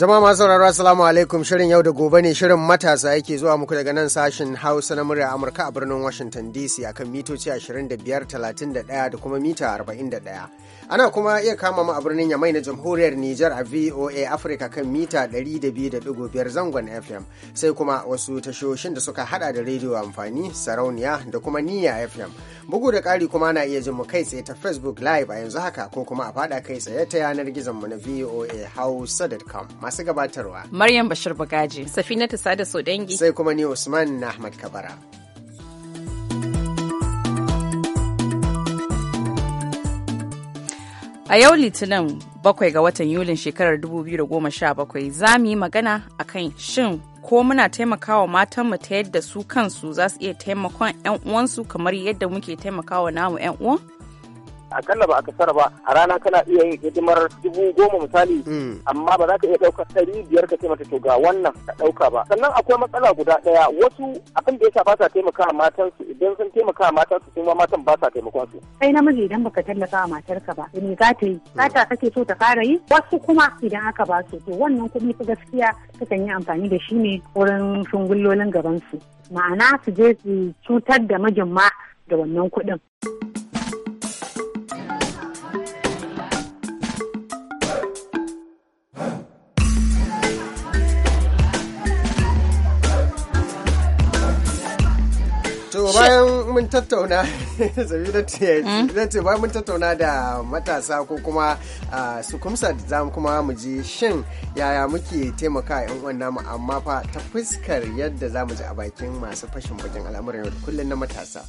Zama masu sauraro Assalamu alaikum shirin yau da gobe ne shirin matasa yake zuwa muku daga nan sashin Hausa na murya Amurka a birnin Washington DC akan mitoci 25, 31 da kuma mita 41. Ana kuma iya kama mu a birnin Yamai na Jamhuriyar Nijar a VOA Africa kan mita 200.5 zangon FM sai kuma wasu tashoshin da suka hada da rediyo amfani sarauniya da kuma niya FM. Bugu da ƙari kuma na iya jin mu kai tsaye ta Facebook Live a yanzu haka ko kuma a fada kai tsaye ta yanar gizon mu na VOA Hausa.com. masu gabatarwa. Maryam Bashir bagaji. Safina Sada Sodangi. Sai kuma ni Usman na Ahmad Kabara. A yau Litinin bakwai ga watan Yulin shekarar 2017 za mu yi magana a kan shin ko muna taimakawa matanmu ta yadda su kansu za su iya taimakon 'yan uwansu kamar yadda muke taimakawa namu 'yan uwan? akalla ba a kasara ba a rana kana iya yin hidimar dubu goma misali mm. amma ba za ka iya ɗaukar ɗari biyar ka taimaka to ga wannan ka ɗauka ba sannan akwai matsala guda ɗaya wasu abin da ya yasa ba sa taimaka matansu idan sun taimaka matansu sun ma matan ba sa taimakon su. kai namiji idan baka tallafa wa ka ba me za ta yi za mm. ta kake so ta fara yi wasu kuma idan aka ba su to wannan kuma gaskiya sukan yi amfani da shi ne wurin shungullolin gabansu ma'ana su je su cutar da mijin ma da wannan kuɗin. bayan mun tattauna ce hmm? bayan mun tattauna da matasa ko kuma su kumsa da za kuma mu ji shin yaya muke taimaka yan uwan namu amma fa ta fuskar yadda za mu ji a bakin masu fashin bakin al'amuran yau da kullum na matasa.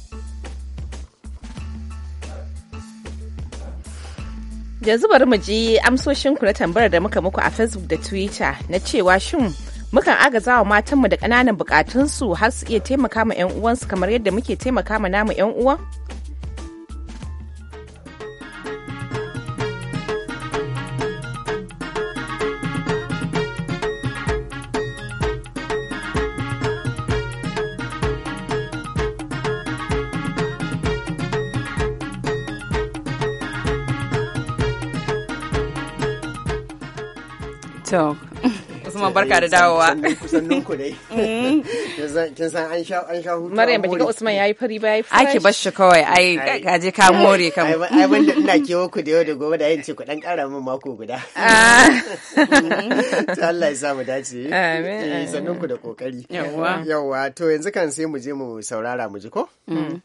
Yanzu bari mu ji amsoshinku na tambayar da muka muku a Facebook da Twitter na cewa shin mukan agaza wa matanmu da ƙananan bukatunsu har su iya taimaka ma 'yan uwansu kamar yadda muke taimaka ma namu 'yan uwan? So... kuma barka da dawowa. Kusan ba dai. Mm. Kin san an ga Usman yayi fari ba yayi fari. Ake bar shi kawai ai ka je ka more kan. Ai ban da ina kewa ku da yau da gobe da yin ce ku dan kara min mako guda. Ah. Ta Allah ya sa mu dace. Amin. Eh, Sannan ku da kokari. Yawwa. Yawwa to yanzu kan sai mu je mu saurara mu ji ko? Mm.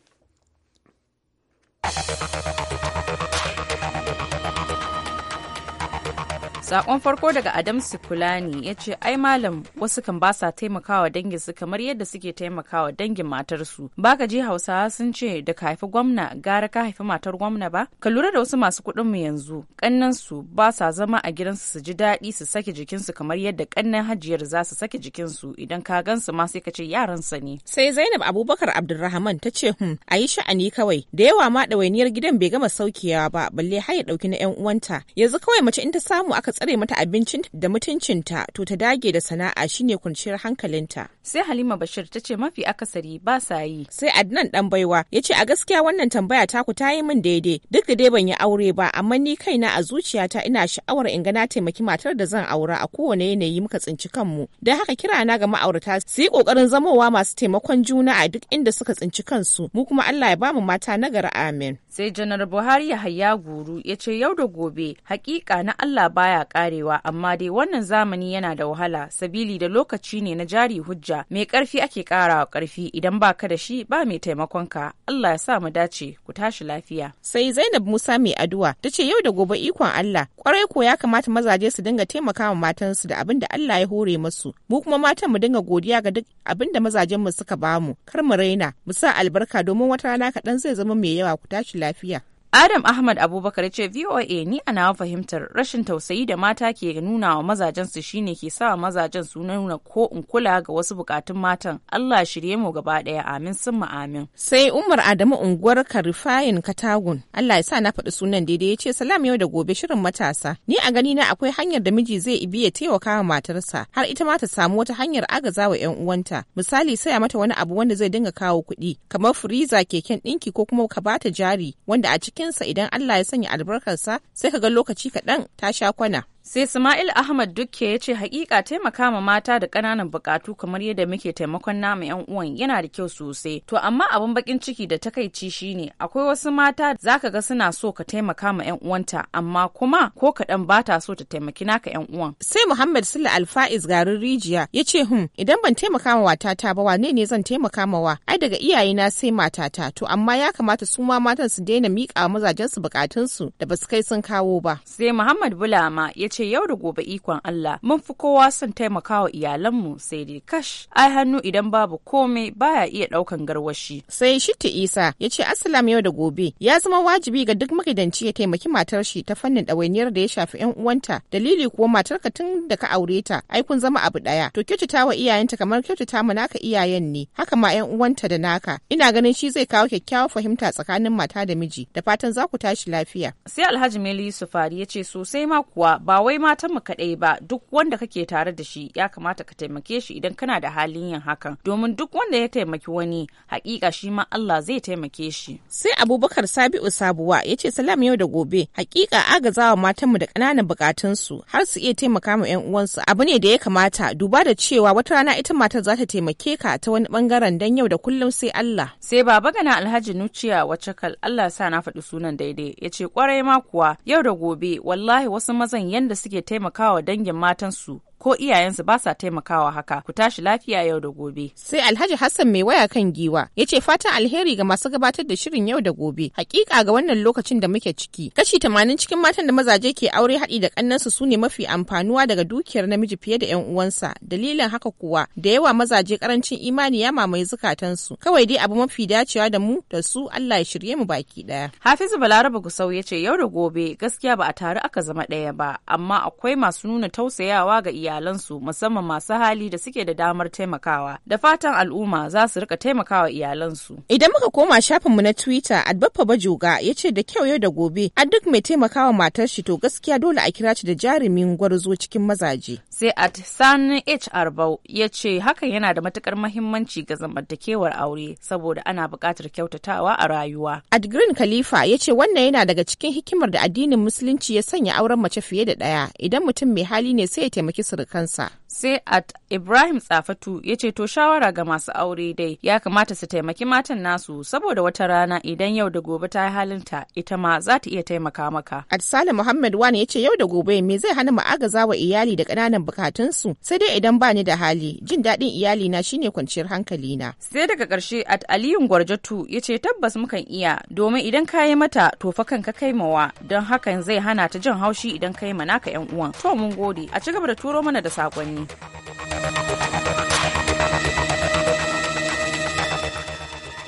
Sakon farko daga Adam Sikulani ya ce, "Ai malam wasu kan ba sa taimakawa dangin su kamar yadda suke taimakawa dangin matarsu. Baka ji Hausawa sun ce da ka haifi gwamna gara ka haifi matar gwamna ba? Ka lura da wasu masu kuɗin mu yanzu, kannan su ba sa zama a gidansu su ji daɗi su sake jikinsu kamar yadda kannan hajiyar za su sake jikinsu idan ka gan su ma sai ka ce yaran sa ne. Sai Zainab Abubakar Abdulrahman ta ce, "Hum, a yi sha'ani kawai, da yawa ma ɗawainiyar gidan bai gama saukewa ba, balle har ya ɗauki na 'yan uwanta. Yanzu kawai mace in ta samu aka tsare mata abincin da mutuncinta to ta dage da sana'a shine kwanciyar hankalinta. sai halima bashir ta ce mafi akasari ba sa yi sai adnan dan baiwa ya ce a gaskiya wannan tambaya ku ta yi min daidai duk da dai ban yi aure ba amma ni kaina a zuciyata ina sha'awar in ga na taimaki matar da zan aura a kowane yanayi muka tsinci kanmu dan haka kira na ga ma'aurata su yi kokarin zamowa masu taimakon juna a duk inda suka tsinci kansu mu kuma Allah ya bamu mata nagari amin sai janar Buhari ya haya Guru ya ce yau da gobe hakika na Allah baya karewa amma dai wannan zamani yana da wahala sabili da lokaci ne na jari hujja soja mai karfi ake karawa karfi idan ba ka da shi ba mai taimakon ka Allah ya sa mu dace ku tashi lafiya sai Zainab Musa mai addu'a tace yau da gobe ikon Allah kwarai ko ya kamata mazaje su dinga taimakawa matansu da abin da Allah ya hore musu mu kuma matan mu dinga godiya ga duk abin da mazajen mu suka bamu kar mu raina mu sa albarka domin wata rana kaɗan zai zama mai yawa ku tashi lafiya Adam Ahmad Abubakar ce VOA ni ana fahimtar rashin tausayi da mata ke nuna wa mazajensu shine ke sa mazajen su nuna ko in kula ga wasu bukatun matan. Allah shirye mu gaba daya amin sun amin. Sai Umar Adamu unguwar Karifayin Katagun. Allah ya sa na faɗi sunan daidai ya ce salam yau da gobe shirin matasa. Ni a gani na akwai hanyar da miji zai ibi ya taimaka wa matarsa har ita ma ta samu wata hanyar agaza wa 'yan uwanta. Misali saya mata wani abu wanda zai dinga kawo kuɗi kamar firiza keken ɗinki ko kuma ka bata jari wanda a ciki cikinsa idan Allah ya sanya albarkarsa sai ka ga lokaci kaɗan ta sha kwana. sai Ismail Ahmad Dukke ya ce hakika taimaka ma mata da ƙananan bukatu kamar yadda muke taimakon namu yan uwan yana da kyau sosai. To amma abin bakin ciki da takaici shine akwai wasu mata zaka ga suna so ka taimaka ma yan uwanta amma kuma ko kaɗan ba ta so ta taimaki naka yan uwan. Sai Muhammad Sula Alfa'iz garin rijiya ya ce hun hmm, idan ban taimaka ma watata ba wane ne zan taimaka ma wa ai daga iyayena sai matata to amma ya kamata su ma matan su daina miƙa mazajensu bukatunsu da basu kai sun kawo ba. Sai Muhammad Bulama ya ce ce yau da gobe ikon Allah mun fi kowa son taimakawa iyalanmu sai dai kash ai hannu idan babu komai baya iya daukan garwashi. Sai Shitti Isa ya ce assalamu yau da gobe ya zama wajibi ga duk magidanci ya taimaki matar shi ta fannin ɗawainiyar da ya shafi 'yan uwanta dalili kuwa matarka tun da ka aure ta ai kun zama abu ɗaya to kyautata wa iyayenta kamar kyautata ma naka iyayen ne haka ma 'yan uwanta da naka ina ganin shi zai kawo kyakkyawar fahimta tsakanin mata da miji da fatan za ku tashi lafiya. Sai Alhaji Meli yusufari ya ce sosai ma kuwa ba wai matan mu kaɗai ba duk wanda kake tare da shi ya kamata ka taimake shi idan kana da halin yin hakan domin duk wanda ya taimaki wani hakika shi ma Allah zai taimake shi. Sai Abubakar Sabi'u Sabuwa ya ce salam yau da gobe hakika agazawa matan mu da ƙananan su har su iya taimaka ma 'yan uwansu abu ne da ya kamata duba da cewa wata rana ita matar za ta taimake ka ta wani bangaren dan yau da kullum sai Allah. Sai baba gana Alhaji Nuciya wacce kal Allah sa na faɗi sunan daidai ya ce kwarai ma kuwa yau da gobe wallahi wasu mazan yanda suke taimakawa dangin matansu ko iyayensu ba sa taimakawa haka ku tashi lafiya yau da gobe. Sai Alhaji Hassan mai waya kan giwa ya ce fatan alheri ga masu gabatar da shirin yau da gobe. Hakika ga wannan lokacin da muke ciki. Kashi tamanin cikin matan da mazaje ke aure haɗi da ƙannansu su ne mafi amfanuwa daga dukiyar namiji fiye da 'yan uwansa. Dalilin haka kuwa da yawa mazaje karancin imani ya mamaye zukatansu. Kawai dai abu mafi dacewa da mu da su Allah ya shirye mu baki ɗaya. Hafizu Balarabe Gusau ya ce yau da gobe gaskiya ba a taru aka zama ɗaya ba amma akwai masu nuna tausayawa ga iya iyalansu musamman masu hali da suke da damar taimakawa da fatan al'umma za su rika taimakawa iyalansu. Idan muka koma shafinmu na Twitter Adbaffa Bajoga ya ce da kyau yau da gobe a duk mai taimakawa matar shi to gaskiya dole a kira shi da jarumin gwarzo cikin mazaje. Sai at San H Arbau ya ce hakan yana da matukar mahimmanci ga zamantakewar aure saboda ana buƙatar kyautatawa a rayuwa. At Green Khalifa ya ce wannan yana daga cikin hikimar da addinin musulunci ya sanya auren mace fiye da ɗaya idan mutum mai hali ne sai ya taimaki kansa Sai at Ibrahim Tsafatu ya ce to shawara ga masu aure dai ya kamata su taimaki matan nasu saboda wata rana idan yau da gobe ta halinta ita ma za ta iya taimaka maka. At salim Muhammad Wani ya ce yau da gobe me zai hana mu agaza wa iyali da ƙananan bukatunsu sai dai idan bani da hali jin daɗin iyali na shine kwanciyar hankali na. Sai daga ƙarshe at Aliyun Gwarjatu ya ce tabbas mukan iya domin idan ka yi mata to fa kanka kai mawa don hakan zai hana ta jin haushi idan yi ma naka yan uwan. To mun gode a ci gaba da turo mana da saƙonni.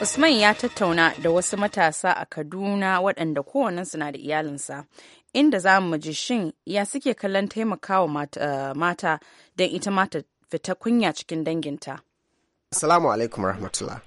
Usman ya tattauna da wasu matasa a Kaduna waɗanda kowannensu na da iyalinsa, inda za mu ji shin ya suke kallon taimakawa mata, eh, mata don ita mata fita kunya cikin danginta. Assalamu alaikum rahmatullah.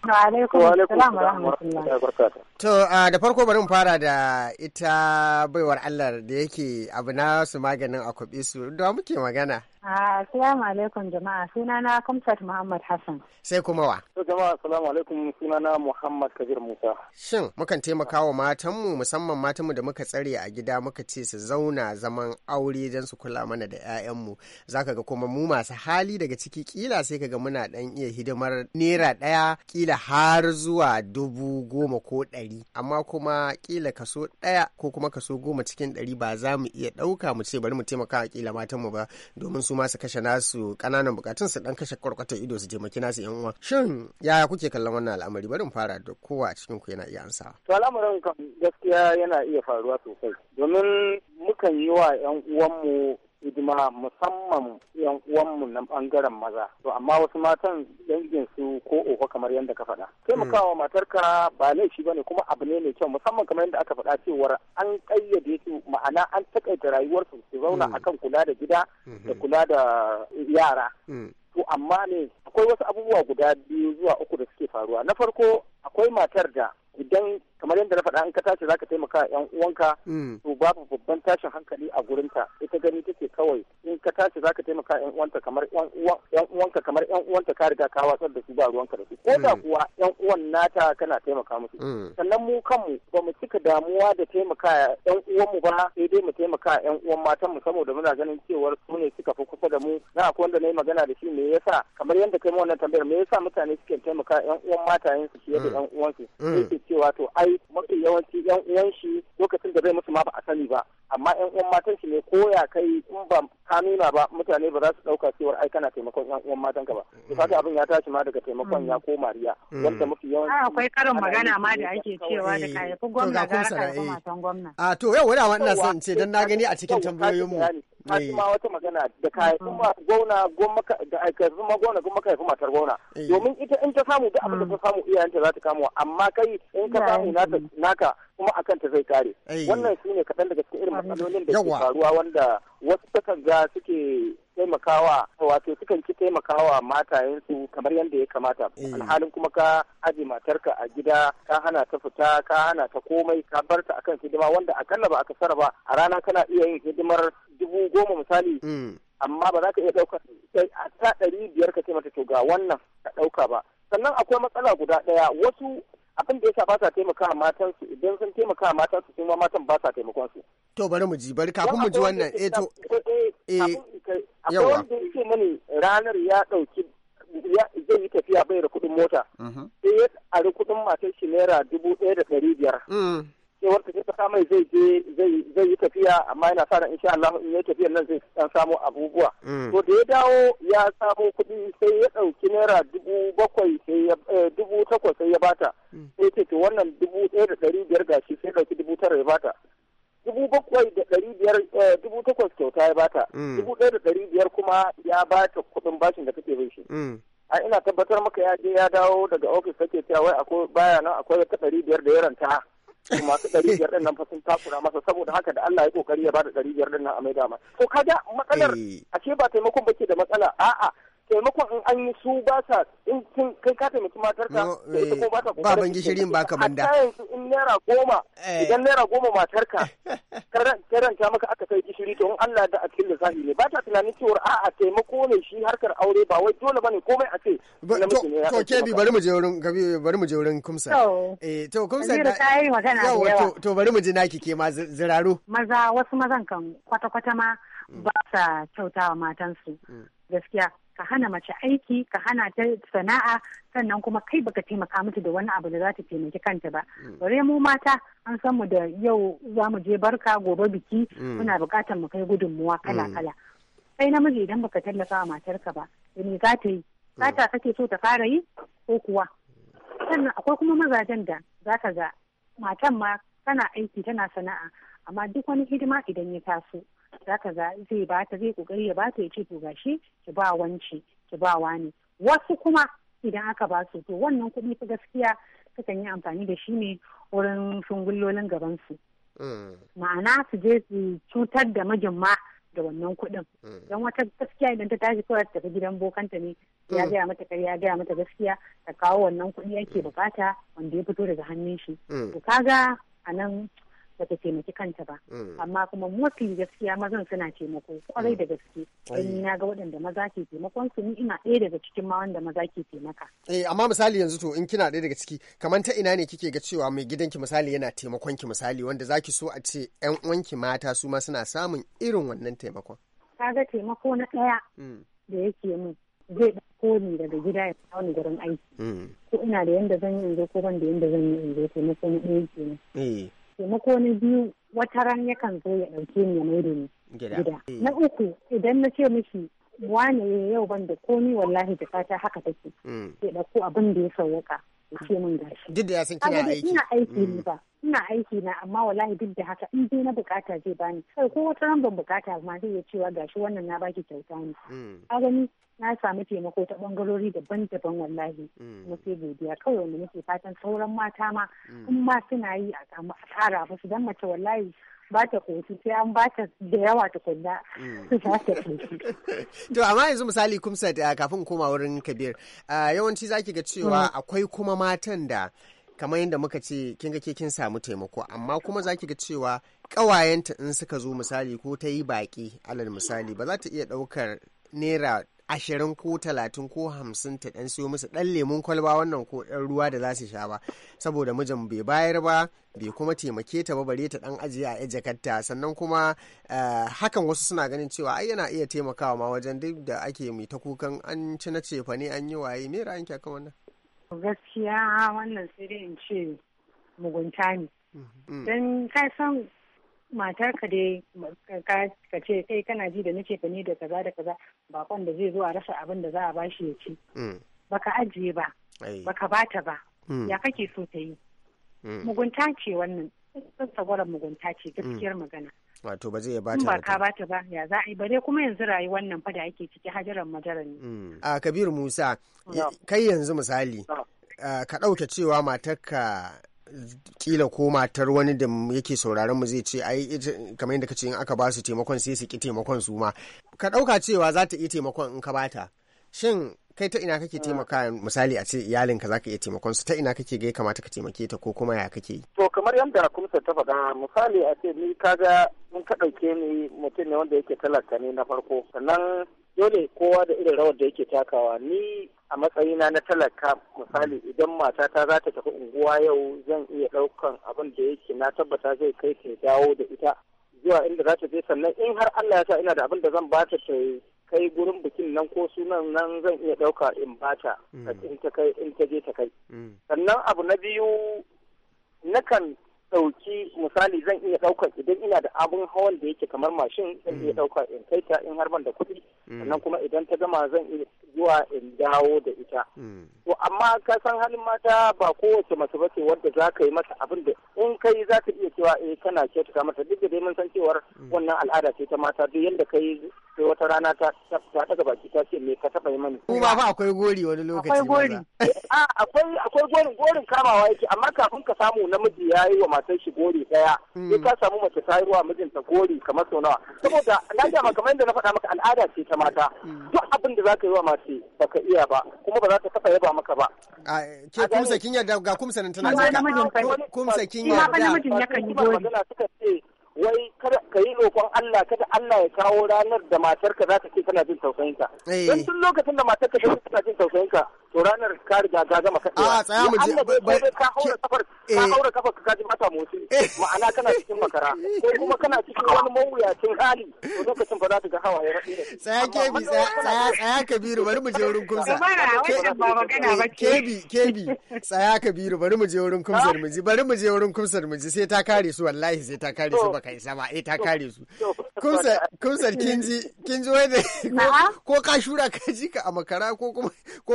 To ah, da farko bari mu fara da ita baiwar Allah da yake abu na su maganin akwabi su da muke magana. Assalamu alaikum jama'a sunana Kamsat Muhammad Hassan. Sai kuma wa? To jama'a assalamu alaikum sunana Muhammad Kabir Musa. Shin mukan taimaka wa matanmu musamman matanmu da muka tsare a gida muka ce su zauna zaman aure don su kula mana da 'ya'yanmu. Zaka ga kuma mu masu hali daga ciki kila sai kaga muna dan iya hidimar naira ɗaya kila har zuwa dubu goma ko ɗari amma kuma kila kaso ɗaya ko kuma kaso goma cikin ɗari ba za mu iya ɗauka mu ce bari mu taimaka kila matanmu ba domin su su ma su kashe nasu kananan bukatun su dan kashe kwarkwatar ido su taimaki nasu yan uwa shin yaya kuke kallon wannan al'amari bari mu fara da kowa a cikin ku yana iya ansa to al'amarin kan gaskiya yana iya faruwa sosai domin mukan yi wa yan uwanmu hidima musamman yan uwanmu na bangaren maza to amma wasu matan dangin su ko ofa kamar yadda ka faɗa hmm. taimakawa matarka ba laifi bane kuma abu ne mai kyau musamman kamar yadda aka faɗa cewar an ƙayyade su ma'ana an takaita rayuwarsu su zauna hmm. akan kula da gida hmm. da kula da yara to amma ne akwai wasu abubuwa guda biyu zuwa uku da suke faruwa na farko akwai matar da idan kamar yadda na faɗa in ka tashi zaka taimaka yan uwanka mm. to babu babban tashin hankali a gurinta ita gani take kawai in ka tashi zaka taimaka yan kamar yan uwanka kamar yan uwanta ka riga ka watsar da su ba ruwanka da su ko da mm. kuwa yan uwan nata kana taimaka musu mm. sannan mu kanmu ba mu cika damuwa da taimaka yan uwanmu ba sai dai mu taimaka yan uwan matanmu saboda muna ganin cewar su ne suka fi kusa da mu na akwai wanda na yi magana da shi me yasa kamar yadda kai wannan tambayar me yasa mutane suke taimaka yan uwan matayen su fiye da yan uwansu eh. yake cewa to ai mafi yawanci yan uwan shi lokacin da bai musu ma ba a sani ba amma yan uwan matan shi ne ko ya kai in ba ka nuna ba mutane ba za su dauka cewa ai kana taimakon yan uwan matan ka ba to kaga abin ya tashi ma daga taimakon ya ko mariya wanda hmm. hmm. mafi yawanci ah, akwai karin magana ma da ake cewa da eh. kayafi gwamnati ga eh. matan gwamnati a ah, to yau wani ina son ce dan na gani a cikin tambayoyin mu ma eh. ma wata magana da kayan kuma gona da aikatu ma gona kuma kai kuma matar gona eh. domin ita in ta samu duk abin da ta mm. samu iyayenta za ta kamo amma kai in ka samu naka kuma akan ta zai kare eh. wannan shine kaɗan daga cikin irin matsalolin da ke faruwa wanda wasu takan ga suke taimakawa wato sukan ki taimakawa matayensu kamar yadda ya kamata eh. alhalin kuma ka aje matarka a gida ka hana ta fita ka hana ta komai ka bar ta akan hidima wanda akalla ba aka sarrafa a rana kana iya yin hidimar dubu goma misali hmm. amma ba za ka iya ɗauka ta ɗari biyar ka ce to ga wannan ka ɗauka ba sannan akwai matsala guda ɗaya wasu abin da yasa ba sa taimaka matan su idan sun taimaka matan su sun ma matan ba sa taimakon su to bari mu ji bari kafin mu ji wannan eh to eh, eh yawa wanda yake mani ranar ya dauki zai yi tafiya bai da kudin mota mm-hmm. sai ya ari kudin matar shi naira dubu ɗaya da ɗari biyar mm. cewar ta ta mai zai je zai yi tafiya amma yana sa ran insha Allah in yi tafiyar nan zai dan samu abubuwa mm. to da ya dawo ya samo kuɗi sai ya ɗauki naira dubu bakwai sai ya eh, dubu takwas sai ya bata mm. sai ce to wannan dubu ɗaya da ɗari biyar gashi sai ɗauki dubu tara ya bata dubu bakwai da ɗari biyar eh, dubu takwas kyauta ya bata mm. dubu ɗaya da ɗari biyar kuma ya bata kuɗin bashin da kake bai shi a ina tabbatar maka ya je ya dawo daga ofis kake cewa wai akwai baya nan akwai ta ɗari biyar da ya ranta masu ɗari biyar ɗin nan fa sun takura masa saboda haka da Allah ya kokari ya bada ɗari biyar ɗin nan a maida masa Ko kaga matsalar eh. ashe ba taimakon ba ke da matsala a'a taimakon in an yi su ba ta in kin kai ka taimaki matar ka ko ba ta eh, kokarin ba ban gishirin ba ka banda a yanzu in naira goma eh. idan naira goma matar ka ta maka aka kai gishiri to in Allah da a cikin zahiri ne ba ta tunanin cewa a'a taimako ne shi harkar aure ba wai dole bane komai a ce to kebi bari mu je wurin bari mu je wurin kumsa eh to kumsa da yawa to bari mu ji naki ke ma ziraro maza wasu mazan kan kwata-kwata ma ba sa kyautawa matansu mm. gaskiya ka hana mace aiki ka hana ta sana'a sannan kuma kai baka taimaka mata da wani abu da za ta taimaki kanta ba mm. bare mu mata an san mu da yau za mu je barka gobe biki mm. muna bukatar mu kai gudunmuwa kala mm. kala kai namiji idan baka tallafa wa matarka ba me za ta yi za ta kake so ta fara yi ko kuwa sannan akwai kuma mazajen da za ka ga matan ma tana aiki tana sana'a amma duk wani hidima idan ya taso zaka za zai bata zai kokari ya bata ya ce to gashi ki ba wanci ki ba wani wasu kuma idan aka ba su to wannan kuɗi ta gaskiya sukan yi amfani da shi ne wurin shungullolin gaban su mm. ma'ana su je su cutar da majimma da wannan kuɗin mm. don wata gaskiya idan ta tashi kawai ta tafi gidan bokanta ne ya mm. gaya mata karya gaya mata gaskiya ta kawo wannan kuɗi ake bukata wanda ya fito daga hannun shi to kaga a ba ta taimaki kanta ba mm. amma kuma mafi gaskiya mazan suna taimako kwarai da gaske mm. ni na ga waɗanda maza ke taimakon su ni ina ɗaya daga cikin ma wanda maza ke taimaka eh amma misali yanzu to in kina ɗaya daga ciki kamar ta ina ne kike ga cewa mai gidanki misali yana taimakon ki misali wanda zaki so a ce ƴan uwanki mata su ma suna samun irin wannan taimakon kaga taimako na ɗaya mm. da yake mu zai ɗauko ni daga gida ya kawo ni gurin aiki ko ina da yanda zan yi in zo ko ban da yanda zan yi in zo taimako na ɗaya kenan eh. taimako na biyu wata ran yakan zo ya ɗauke ni ya maida ni gida eh. na uku idan na ce mishi wane yau ban da komi wallahi da fata haka take ke mm. ɗauko abin da ya sauka ce min gashi duk da ya san kina aiki ina aiki ne mm. ba ina aiki na amma wallahi duk da haka in dai na bukata zai bani sai ko wata ran ban bukata ma zai iya cewa gashi wannan na baki kyauta ne mm. ka gani na samu taimako ta bangarori daban-daban wallahi kuma sai godiya kawai wanda nake fatan sauran mata ma in ma suna yi a kara musu dan mace wallahi ba ta sai an ba ta da yawa tukunna mm. za ta To amma yanzu misali kumsa uh, kafin koma wurin Kabir uh, yawanci zaki ga cewa mm. akwai kuma matan da kamar yadda muka ce kin ga kin samu taimako amma kuma zaki ga cewa kawayenta in suka zo misali ko ta yi baki alal misali ba za ta iya ɗaukar naira ashirin ko talatin ko hamsin ta ɗan siyo musu ɗan lemun kwalba wannan ko ɗan ruwa da za su sha ba saboda mijin bai bayar ba bai kuma taimake ta ba bare ta ɗan ajiye a jakarta sannan kuma eh, hakan wasu suna ganin cewa ai yana iya taimakawa ma wajen duk da ake mai ta kukan an ci na cefa ne an yi waye me ra'ayinki akan wannan gaskiya wannan sai dai in ce mugunta ne mm-hmm. don kai san matar ka dai ka ce kai kana ji da nace ka ne da kaza da kaza bakon da zai zo a rasa abin da za a bashi ya ci mm. baka ajiye ba baka bata ba mm. ya kake so ta yi mm. mugunta ce wannan tsagwaron mugunta ce gaskiyar magana wato ba zai bata ba ka bata ba ya za a yi bare kuma yanzu rayuwar nan fada da ake ciki hajaran majaran ne a kabir musa kai yanzu misali ka ɗauke cewa matarka kila ko matar wani da yake sauraron mu zai ce ai kamar yadda kace in aka ba su taimakon sai su ki taimakon su ma ka dauka cewa za ta iya taimakon in ka bata shin kai ta ina kake taimaka misali a ce iyalinka za ka iya taimakon su ta ina kake ga kamata ka taimake ta ko kuma ya kake yi to kamar yadda kumsa ta faɗa misali a ce ni kaga in ka ɗauke ni mutum ne wanda yake talaka ne na farko sannan dole kowa da irin rawar da yake takawa ni a matsayina na talaka misali idan matata za ta tafi unguwa yau zan iya ɗaukan abin da yake na tabbata zai kai ta dawo da ita zuwa inda za ta je sannan in har Allah ya sa ina da abin da zan bata ta kai gurin bikin nan ko sunan nan zan iya ɗauka in bata hmm. in ta kai in ta je ta kai hmm. sannan abu na biyu nakan ɗauki misali zan iya ɗauka idan ina da abun hawan da yake kamar mashin zan iya hmm. ɗauka in kai ta in har ban da kuɗi sannan kuma idan ta gama zan iya zuwa in dawo da ita. Hmm. To amma ka san halin mata ba kowace mace ba ce wadda za ka yi mata abin da in kai za ka iya cewa eh kana kyautata mata duk da dai mun san cewar hmm. wannan al'ada ce ta mata duk yadda kai sai wata rana ta ta daga baki ta ce me ka taba yi mani. Kuma fa akwai gori wani lokaci. Akwai gori. A eh, ah, akwai akwai gori gorin kamawa yake amma kafin ka samu namiji ya yi wa matan shi gori daya. Hmm. Sai ka samu mace ta yi wa mijinta gori kamar sau nawa. Saboda na dama kamar yadda na faɗa maka al'ada ce ta mata. Duk abin da za ka yi wa mata ce baka iya ba kuma ba za ta taba yaba maka ba ke kumsa kin yarda ga kumsa nan tana zaka kumsa kin yarda ba namijin yi dole wai ka yi roƙon Allah kada Allah ya kawo ranar da matarka za ka ce tana jin tausayinka. Eh. Don tun lokacin da matarka ta tana jin tausayinka to ranar ka riga ka gama A ah, tsaya mu je. Ka haura kafar ka eh. haura kafar ka ji mata motsi eh. ma'ana kana cikin makara ko kuma kana cikin wani mawuyacin hali to lokacin ba za ka ga hawaye raɗe. Tsaya kebi tsaya tsaya kabiru bari mu je wurin kumsa. Kebi kebi tsaya kabiru bari mu je wurin kumsa mu ji bari mu je wurin kumsa mu ji sai ta kare su wallahi sai ta kare su baka kai sama eh ta kare su kun sarkin ji kin ji wani ko ka shura ka ji ka a makara ko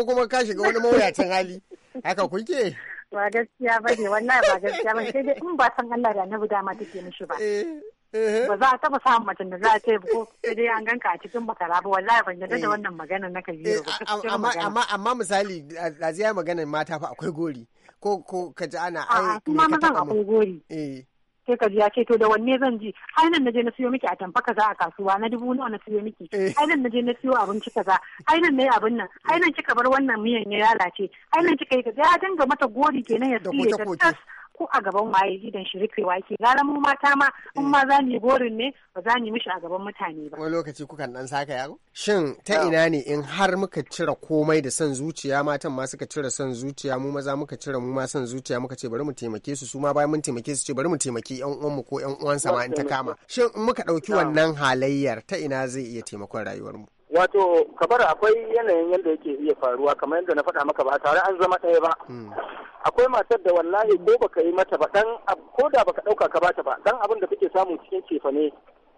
kuma ka shiga wani mawuyacin hali haka kuke ba gaskiya ba ne wannan ba gaskiya ba sai dai in ba san Allah da annabi dama take mishi ba eh, eh. ba za a taba samun mutum da za a ce ko sai dai an ganka a cikin makara ba wallahi ban yarda da eh. wannan maganar na kabiru ba amma amma amma misali a ziyar maganar mata fa akwai gori ko ko ka ji ana ai kuma mazan akwai gori eh sai ka ji ya ce to da wanne zan ji ai nan naje na siyo miki atamfa kaza a kasuwa na dubu nawa na siyo miki eh. ai nan naje na siyo abinci kaza ai nan nayi abin nan ai nan kika bar wannan miyan ya lalace ai nan kika yi kaza ya dinga mata gori kenan ya siye ta ko a gaban waye gidan shi rufewa wake gara mu mata ma in ma za ni gorin ne ba za ni mishi a gaban mutane ba wani lokaci kukan dan saka yaro shin ta ina ne in har muka cire komai da son zuciya matan ma suka cire son zuciya mu maza muka cire mu ma son zuciya muka ce bari mu taimake su su ma bayan mun taimake su ce bari mu taimaki yan uwan mu ko yan uwan sama in ta kama shin in muka ɗauki wannan halayyar ta ina zai iya taimakon rayuwar mu wato kabar akwai yanayin yadda yake iya faruwa kamar yadda na faɗa maka ba tare an zama ɗaya ba hmm. akwai matar da wallahi ko baka yi mata ba dan ko da baka ɗauka ka bata ba dan abin da kake samu cikin cefa ne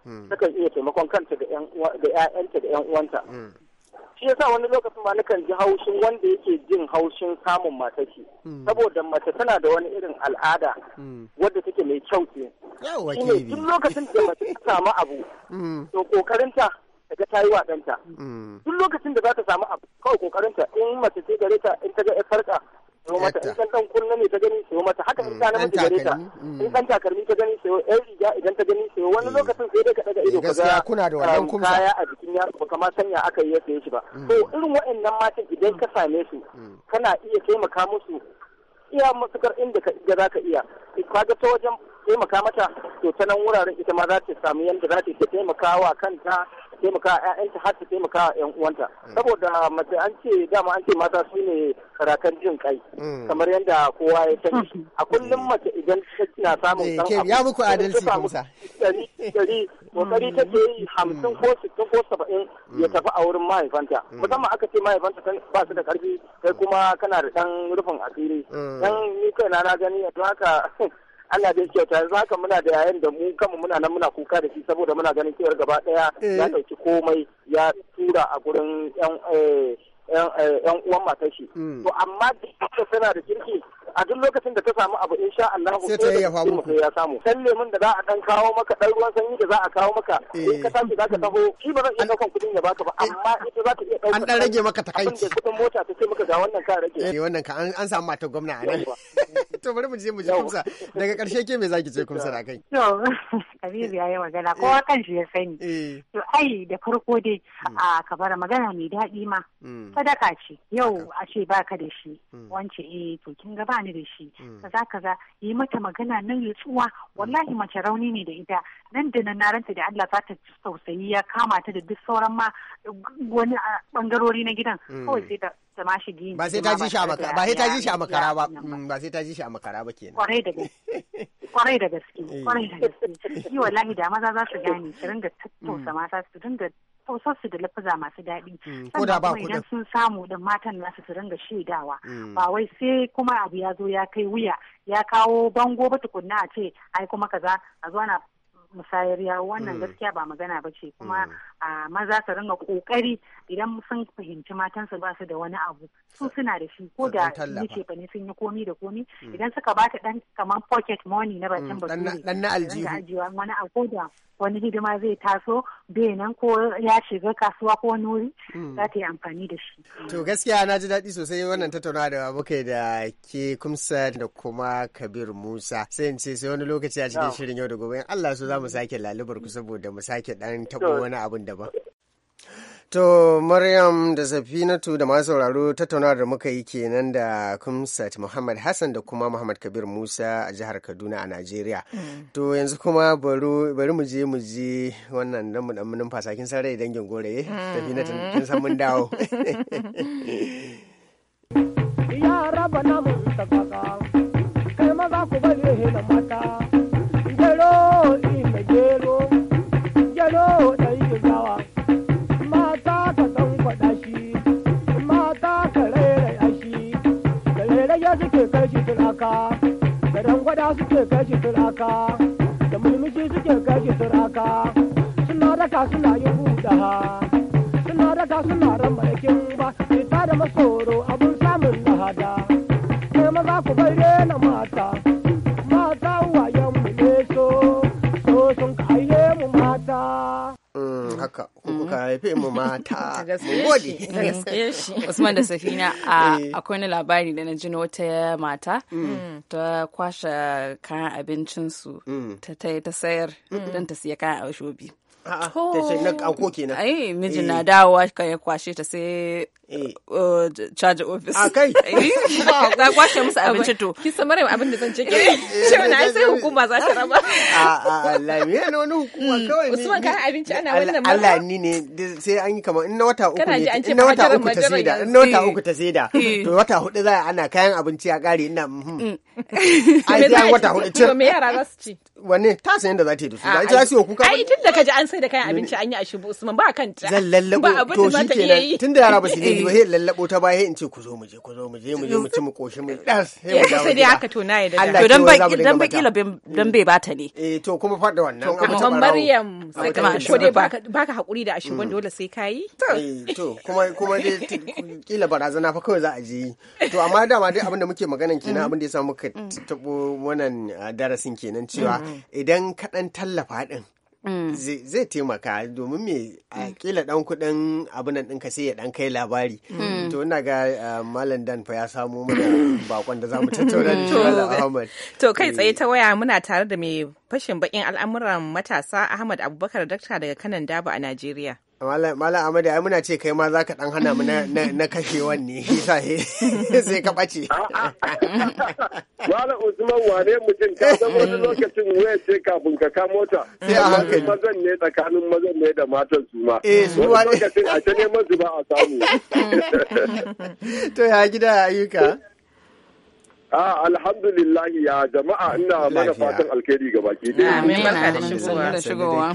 hmm. takan iya taimakon kanta da ƴaƴanta da yan uwanta hmm. shi yasa wani lokacin ma nakan ji haushin wanda yake jin haushin samun mata ki saboda mace tana da wani irin al'ada wadda take mai kyau ce shine duk lokacin da mace ta samu abu to kokarinta ta ga ta yi wa mm. Duk lokacin da za ta samu abu kawai kokarinta in mace ce gare ta in ta ga farka sayo mata in dan kunna ne ta gani sayo mata haka in ta mm. namiji gare ta mm. in takarmi ta gani sayo ɗan riga idan ta gani sayo wani lokacin sai dai ka daga ido eh, ka ga kuna um, kaya a jikin yaro ba kamar sanya aka yi ya saye shi ba to irin waɗannan matan idan ka same su kana iya taimaka musu iya matukar inda ka ga zaka iya ga ta wajen taimaka mata to ta nan wuraren ita ma za ta samu yadda za ta taimaka wa kanta taimaka ƴaƴanta har su taimaka yan uwanta mm. saboda mace an ce dama an ce mata su ne karakan jin kai mm. kamar yadda kowa ya sani mm. a kullum mace idan ta na samun dan eh, ya muku adalci kusa dari dari kokari take yi hamsin ko sittin ko saba'in ya tafi a wurin mahaifanta musamman aka ce mahaifanta ba su da karfi kai kuma kana da dan rufin asiri dan ni kai na gani don haka Allah bai kyauta yanzu haka muna da yayin da mu kama muna nan muna kuka da shi saboda muna ganin cewar gaba daya ya dauki eh. komai ya tura a gurin yan eh, eh, uwan matar shi hmm. to amma da suna da kirki a duk lokacin da ta samu abu in sha Allah sai ta yayyafa muku ya samu dan lemun da za a dan kawo maka dan ruwan sanyi da za a kawo maka eh. in ka tashi zaka taho shi ba zan iya daukan kudin ya baka ba eh. amma ita za ta iya dauka an dan rage maka takaici kudin mota ta ce maka ga wannan ka rage eh wannan ka an samu mata gwamna a nan to bari mu je mu ji kumsa daga karshe ke me zaki ce kumsa da kai to Kabiru ya yi magana kowa eh. kan shi ya sani to ai da farko dai hmm. a ka bar magana mai dadi ma hmm. sadaka ce yau a ce baka da shi hmm. wance eh to kin ga ba ni ni da shi mm. kaza kaza yi mata magana nan ya tsuwa wallahi mm. mace rauni ne da ita nan da nan naranta da Allah za ta tausayi ya kama ta da duk sauran ma wani bangarori na gidan mm. kawai sai ta zama shi gini ba sai ta ji shi a makara ba sai ta ji shi a makara ba ba sai ta ji shi a makara ba kenan kwarai da gaske kwarai da gaske eh. kwarai da gaske yi wallahi da maza za su gane su ringa tattausa mata su ringa su da lafuza masu daɗi mm, sannan kuma idan sun samu din matan nasu su ringa shaidawa mm. ba wai sai kuma abu ya zo ya kai wuya ya kawo bango ba tukunna a ce ai kuma kaza a zo ana musayar yawo wannan hmm. gaskiya ba magana ba ce kuma hmm. a maza su ringa kokari idan sun fahimci matansu ba su da wani abu su suna da shi ko da ni ce ba ne sun yi komi da komi hmm. idan suka ba ta dan kamar pocket money na bakin ba dan na aljihu wani ko da wani hidima zai taso benin ko ya shiga kasuwa ko wani za ta yi amfani da shi. To gaskiya na ji daɗi sosai wannan tattaunawa da muka da ke kumsa da kuma Kabir Musa sai in ce sai wani lokaci a cikin shirin yau da gobe in Allah so za mu sake lalubar ku saboda mu sake dan tabo wani abun daban. To Maryam da Zafinatu da masu sauraro tattauna da muka yi kenan da Kumsat Muhammad Hassan da kuma Muhammad Kabir Musa a jihar Kaduna a Najeriya. Mm. To yanzu kuma bari mu je mu wannan nan mu dan numfasa kin san rai dangin goraye. Mm. Safinatu kin san mun dawo. Ya raba namun ta kai maza ku bari da mata. kashi kashe suraka da mulmishi suke kashe suraka suna raka suna yi mata mm. usman da safina eh. akwai wani labari da na ji wata mata mm. ta kwashe kayan abincinsu mm. ta ta sayar don ta siya kayan ashobi a ko kenan ai mijin na eh. dawowa ka ya kwashe ta sai eh. uh, charge office a kai ta kwashe musu abinci to ki san maryam abin da zan ce cewa na sai hukuma za ta raba a Allah la me ne wani hukuma hmm. kawai Usman kan abinci ana wannan Allah ni ne sai an yi kamar in na wata uku ne in na wata eh. uku ta saida in na wata uku ta saida to wata hudu za a ana kayan abinci a kare ina mhm. hmm. ai sai wata hudu ce me yara za su ci wanne ta sayan da za ta yi da su ita siyo kuka ai tun da kaji an sai da kayan abinci an yi a shibu usman ba kan ta zan lallabo to shi kenan tun da yara ba su ne ba sai eh. lallabo ta baya in ce ku zo mu je ku zo mu je mu je mu ci mu koshi mu eh, das sai mu dawo sai dai haka to na da to dan ba dan ba kila dan bai bata ne eh to kuma fada wannan amma maryam sai kuma ko dai baka baka hakuri da ashibun mm. dole sai kayi eh, to kuma kuma dai kila barazana fa kawai za a je to amma dama dai da muke maganan kenan mm. da ya da ya mm. tabo wannan ah, darasin kenan cewa idan kaɗan tallafa ɗin mm. zai taimaka domin me a mm. ɗan kuɗin kudin abunan ɗinka sai ya ɗan kai labari mm. to ina ga eh, malam dan fa ya samo mana bakon da zamu tattauna da malam Ahmad to kai tsaye eh. ta waya muna tare da mai fashin baƙin al'amuran matasa Ahmad Abubakar dakta daga kanan daba a Najeriya Malam Amadu ai muna ce kai ma za ka ɗan hana mu na kashewan ne sai ka ɓace. Malam Usman wane mutum ka san wani lokacin waya ce kafin ka ka mota. Sai a hankali. Mazan ne tsakanin mazan ne da matan su ma. Eh su ma ne. Lokacin a ta neman su ba a samu. To ya gida ayyuka. Ah, alhamdulillah ya jama'a ina mana fatan alkhairi ga baki. Amin barka da shigowa.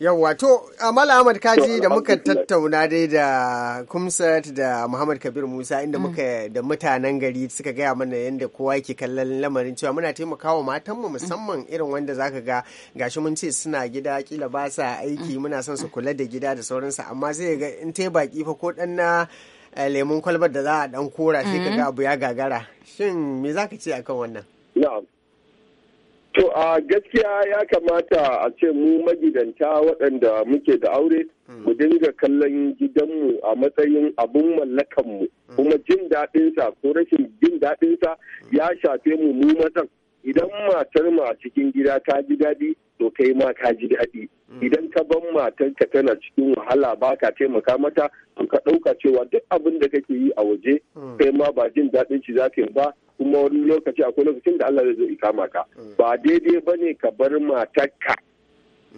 Yawwa to Amal Ahmad Kaji da muka tattauna dai da Kumsat da Muhammad Kabir Musa inda mm. muka da mutanen gari suka gaya mana yadda kowa yake kallon lamarin cewa muna taimakawa mu mm. musamman irin wanda zaka ga gashi mun ce suna gida kila ba sa aiki mm. muna son su kula da gida da sauransu amma sai ga in tai baki fa ko dan na eh, lemun kwalbar da za a dan kora sai ka ga abu ya gagara shin me zaka ce akan wannan? Na'am. To a gaskiya ya kamata a ce mu magidanta waɗanda muke da aure hmm. mu dinga kallon gidanmu a matsayin abun mallakanmu hmm. kuma jin daɗinsa ko rashin jin daɗinsa ya shafe mu mu matan idan matar mu cikin gida ta ji daɗi to kai ma ka ji daɗi mm. idan ka ban matarka tana cikin wahala ba ka taimaka mata to ka ɗauka cewa duk abin da kake yi a waje mm. kai ma ba jin daɗin shi za yi ba kuma wani lokaci akwai lokacin da Allah zai zo ikama ka mm. ba daidai ba ne ka bar matarka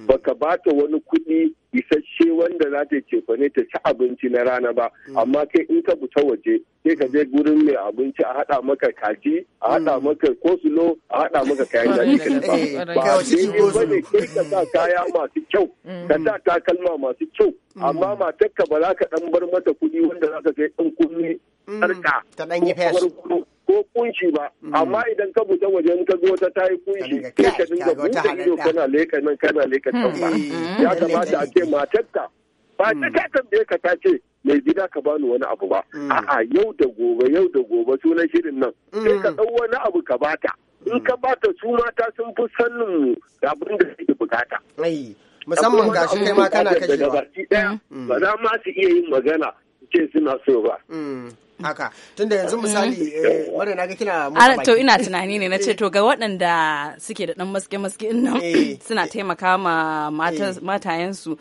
baka ba ta wani kuɗi isasshe wanda za ta ce ne ta ci abinci na rana ba mm. amma kai in ka fita waje sai ka je gurin mai abinci a haɗa maka kaji a haɗa mm. maka kosulo a haɗa maka kayan da ka ba ba ne ba ne kai ka sa kaya masu kyau mm. ka sa takalma masu kyau amma ka ba za ka ɗan bar mata kuɗi wanda za ka kai ɗan kunni sarka ko kunshi ba amma idan ka buta waje ka zo ta tayi kunshi sai ka dinga buɗe ido kana leka nan kana leka can ba ya kamata a ce matarta ba mm. ta ta tambaye ka ta ce mai gida ka bani wani abu ba mm. a'a yau da gobe yau da gobe sunan shirin nan mm. sai ka ɗau wani abu ka bata in ka bata su mata sun fi da abin da suke bukata musamman ga shi kai ma kana kashewa ba za ma su iya yin magana ce suna so ba haka tunda yanzu misali mm. eh, mara na ga kina mutu to ina tunani ne na ce to ga waɗanda suke da ɗan maske maske nan eh. suna taimaka ma eh. matayensu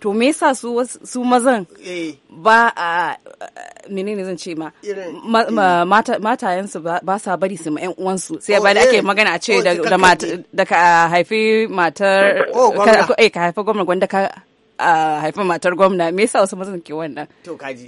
to me yasa su su mazan ba a menene zan ce ma matayensu ba sa bari su ma uwansu sai oh, ba da ake magana a ce oh, da ka haifi matar oh, ka haifi gwamna gwanda ka haifin matar gwamna me yasa wasu mazan ke wannan to kaji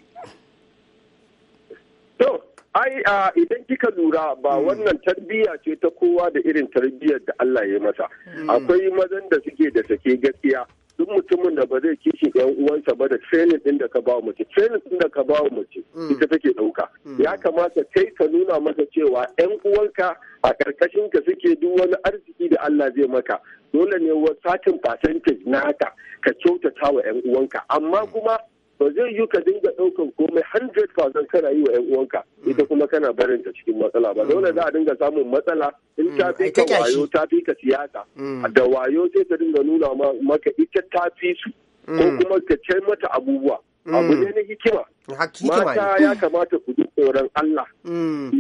To, ai idan kika lura ba hmm. wannan tarbiyya ce ta kowa da irin tarbiyyar da Allah ya masa. Hmm. Akwai mazan da suke da sake gaskiya. duk mutumin da ba zai kishi yan uwansa ba da training din da ka ba mace training din da ka ba mace hmm. ita take ɗauka ya kamata kai ka nuna masa cewa yan uwanka a karkashin ka suke duk wani arziki da Allah zai maka dole ne wa satin percentage naka ka kyautata wa yan uwanka amma kuma ba zai yi ka dinga ɗaukan komai 100% kana yi wa 'yan uwanka ita hmm. kuma kana barin ta cikin matsala ba dole za a dinga samun matsala in ta hmm. fi ka wayo ta fi ka siyasa hmm. da wayo sai ta dinga nuna maka ita ta fi su ko kuma ka ce mata abubuwa abu ne na hikima mata ya kamata ku ji tsoron Allah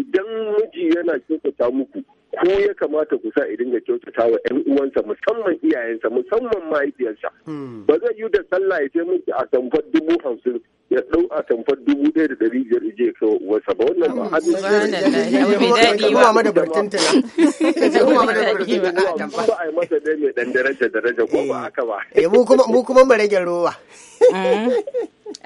idan miji yana kyautata muku ko ya kamata ku sa idan ya kyautata wa ƴan uwansa musamman iyayensa musamman mahaifiyarsa hmm. ba zai yi da sallah ya sai miki a tamfar dubu hamsin ya ɗau a tamfar dubu ɗaya da ɗari biyar je ka wasa ba wannan ba hadin ba a yi masa dai mai ɗan daraja daraja ko ba eh. haka ba eh, mu kuma mu rage rowa Mm.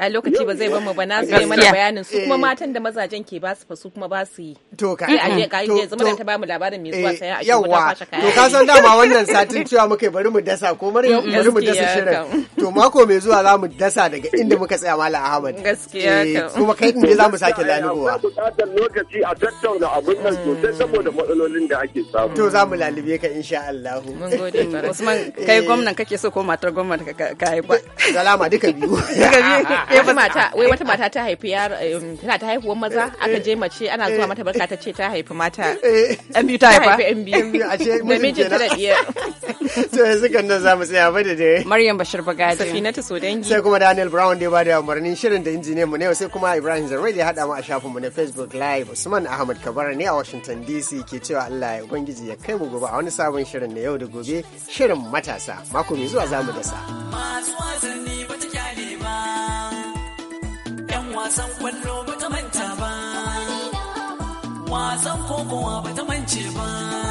a lokaci ba zai bamu ba na su mana bayanin su kuma eh. matan da mazajen ke ba su fa su kuma ba su yi to ka a je mm. ka yi zama da ta bamu labarin me zuwa eh, sai a ce yawa to ka san dama wannan satin cewa muka bari mu dasa ko mm, bari mu dasa shirin to mako mai zuwa za mu dasa daga inda muka tsaya mala ahmad gaskiya eh, kuma kai din za mu sake lalubowa bukatar lokaci a tattauna abun nan sosai saboda matsalolin da ake samu to za mu lalube ka insha Allah mun gode Usman kai gwamnan kake so ko matar gwamnan ka ba salama duka duka biyu duka biyu wata mata wai wata mata ta haifi yaro um, tana ta wani maza aka je mace ana zuwa eh. mata barka ta ce ta haifi mata yan eh. biyu ta haifa yan biyu a ce da mijin ta da to yanzu kan nan zamu tsaya ba da dai Maryam Bashir Bagaji Safinatu Sodangi sai kuma Daniel Brown da ya bada umarnin shirin da injiniyan mu ne sai kuma Ibrahim Zarwai da ya hada mu a shafin mu na Facebook Live Usman Ahmad Kabara ne a Washington DC ke cewa Allah ya ubangiji ya kai mu gobe a wani sabon shirin na yau da gobe shirin matasa mako mai zuwa zamu dasa masu wasanni ba wasan kwallo ba ta manta ba wasan kokowa ba ta mance ba